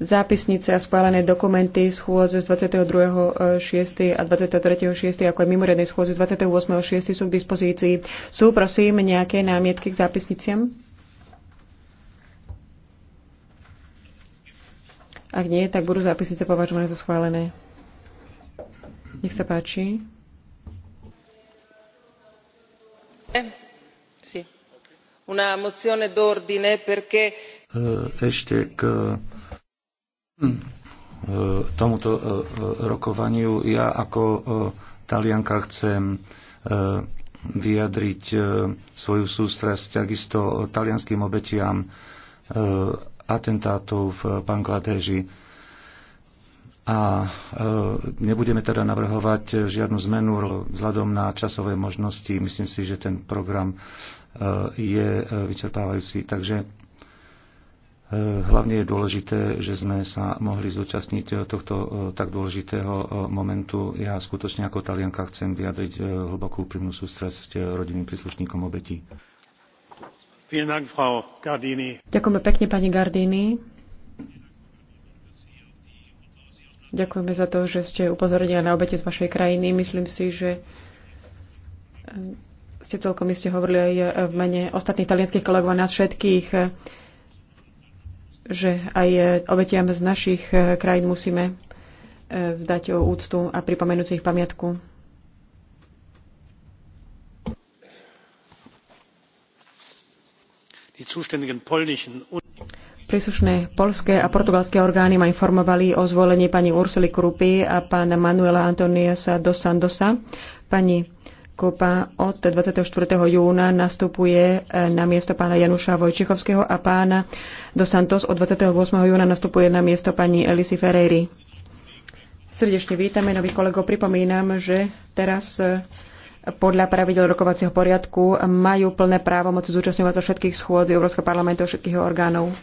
Zápisnice a schválené dokumenty schôdze z 22.6. a 23.6. ako aj mimoriadnej schôdze z 28.6. sú k dispozícii. Sú prosím nejaké námietky k zápisniciam? Ak nie, tak budú zápisnice považované za schválené. Nech sa páči. Eh, ešte k Hm. E, tomuto e, e, rokovaniu. Ja ako Talianka chcem vyjadriť svoju sústrasť takisto talianským obetiam atentátov v Bangladeži. A nebudeme teda navrhovať žiadnu zmenu vzhľadom na časové možnosti. Myslím si, že ten program je vyčerpávajúci. Takže Eh, hlavne je dôležité, že sme sa mohli zúčastniť eh, tohto eh, tak dôležitého momentu. Ja skutočne ako talianka chcem vyjadriť hlbokú úprimnú sústrasť rodinným príslušníkom obetí. Ďakujeme pekne, pani Gardini. Ďakujeme za to, že ste upozornili na obete z vašej krajiny. Myslím si, že ste celkom iste hovorili aj v mene ostatných talianských kolegov a nás všetkých že aj e, obetiam z našich e, krajín musíme e, vzdať o úctu a pripomenúť ich pamiatku. Príslušné polské a portugalské orgány ma informovali o zvolení pani Ursuly Krupy a pána Manuela Antoniasa dos Sandosa. Pani biskupa od 24. júna nastupuje e, na miesto pána Januša Vojčichovského a pána do Santos od 28. júna nastupuje na miesto pani Elisy Ferreri. Srdečne vítame nových kolegov. Pripomínam, že teraz e, podľa pravidel rokovacieho poriadku majú plné právo moci zúčastňovať sa všetkých schôd Európskeho parlamentu a všetkých orgánov.